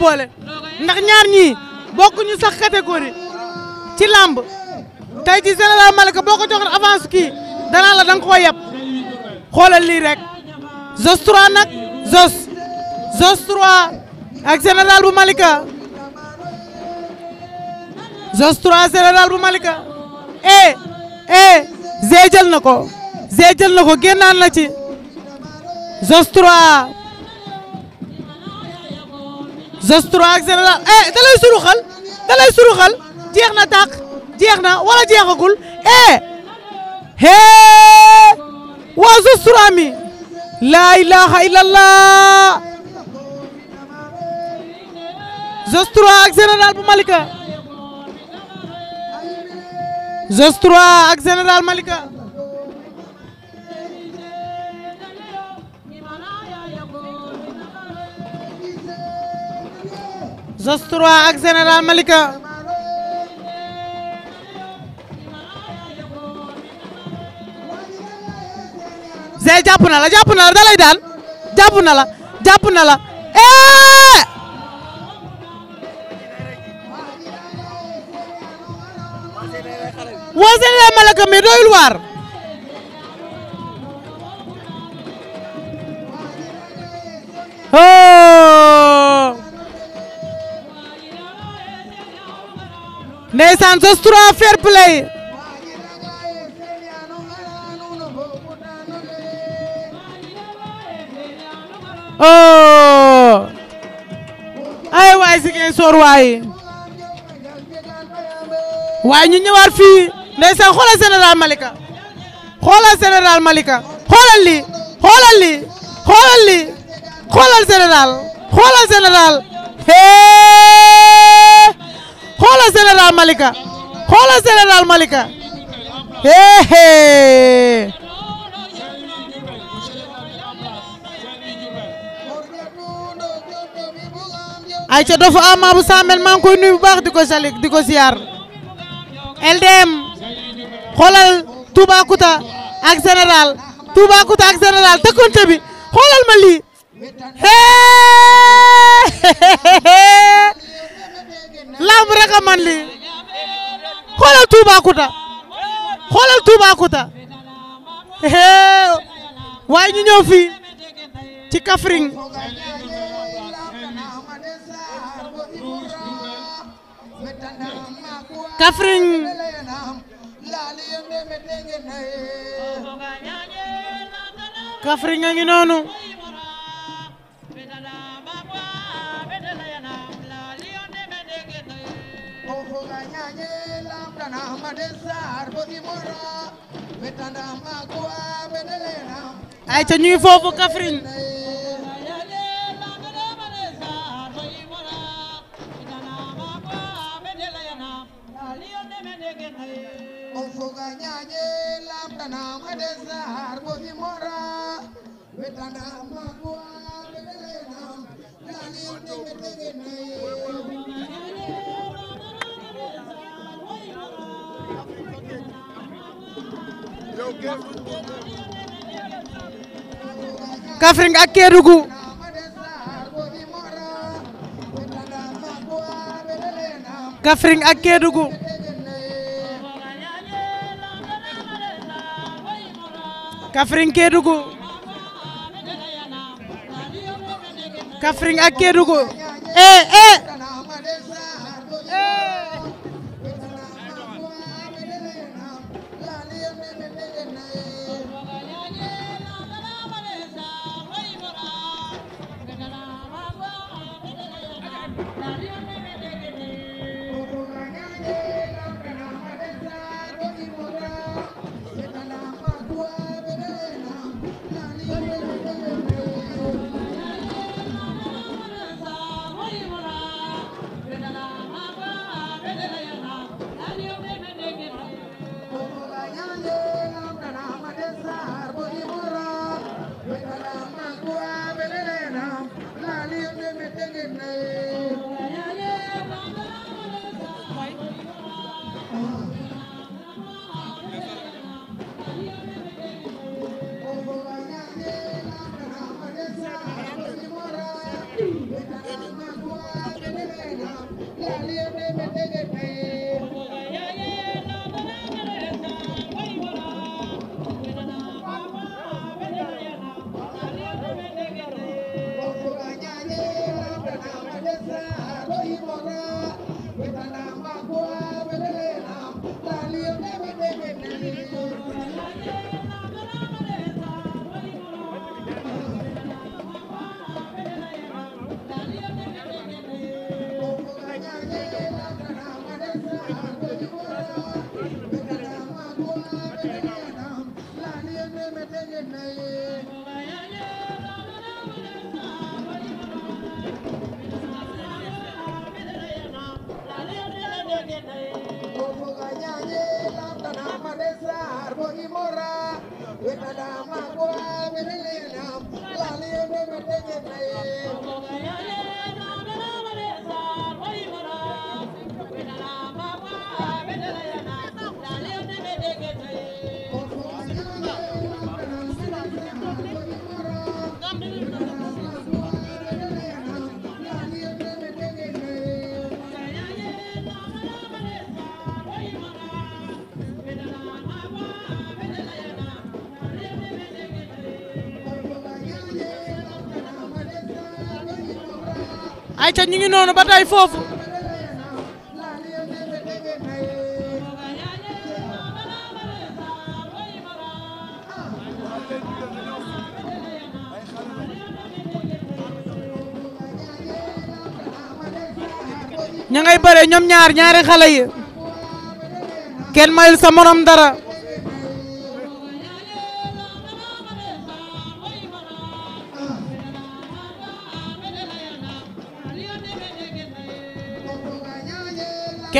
boole ndax ñaar ñii bokkuñu sax catégorie ci làmb tey ci général Malika boo ko joxoon avance kii danaa la da nga koo yeb xoolal lii rek Zoss 3 nag Zoss Zoss 3 ak général bu Malika Zoss 3 général bu Malika eh eh Zé na ko Zé na ko génnaan na ci Zoss 3 زستر اك زلا اه دالاي سروخال دالاي سروخال جيخنا تاك جيخنا ولا جيخاكول اه هي وا زستر امي لا اله الا الله زستر اك زنرال مالكه زستر اك زنرال مالكه Zoss 3 ak Général Malika Zé jàpp na la jàpp na la daan jàpp na la jàpp na la eh waa Général mi doyul waar oh ndeysaan sos trois fair play oh ay waay Ziguinchor waay waay ñu ñëwaat fii ndeysaan xoolal général Malika xoolal général Malika xoolal lii xoolal lii xoolal lii xoolal général hee général Malika xoolal général Malika éé ay ca dofu ama bu Sambel maa ngi koy bu baax di ko salik di ko siyaar LDM xoolal Toubacouta ak général Toubacouta ak général tëkkante bi xoolal ma lii lamb rek a man lii xoolal Toubacouta xoolal Toubacouta waaye ñu ñëw fii ci Kaffrine Kaffrine Kaffrine noonu ganyanye lamdana madesar bodi mora betanda magwa bedelena ay ta ñuy foofu Kaffrine Lamdana madesar bodi mora betanda magwa Kaffrine ak Kédougou Kaffrine ak Kédougou Kaffrine Kédougou Kaffrine ak Kédougou eh eh Thank you. ay ca ñu ngi noonu ba tey foofu ña ngay bëre ñoom ñaar ñaari xale yi kenn mayul sa morom dara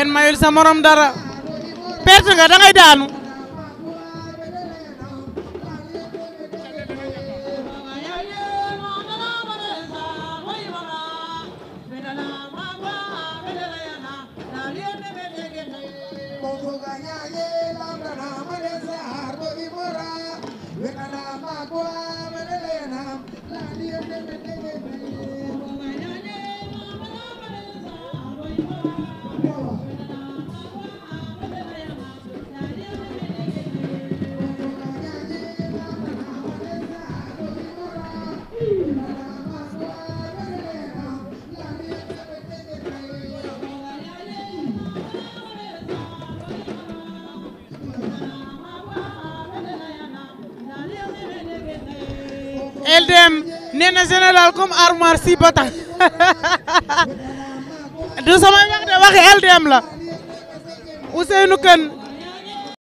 kenn mayul sa morom dara perte nga da ngay daanu. Thank you. LDM nee na général comme armoire bata du samay wax de LDM la Ousseynou Kane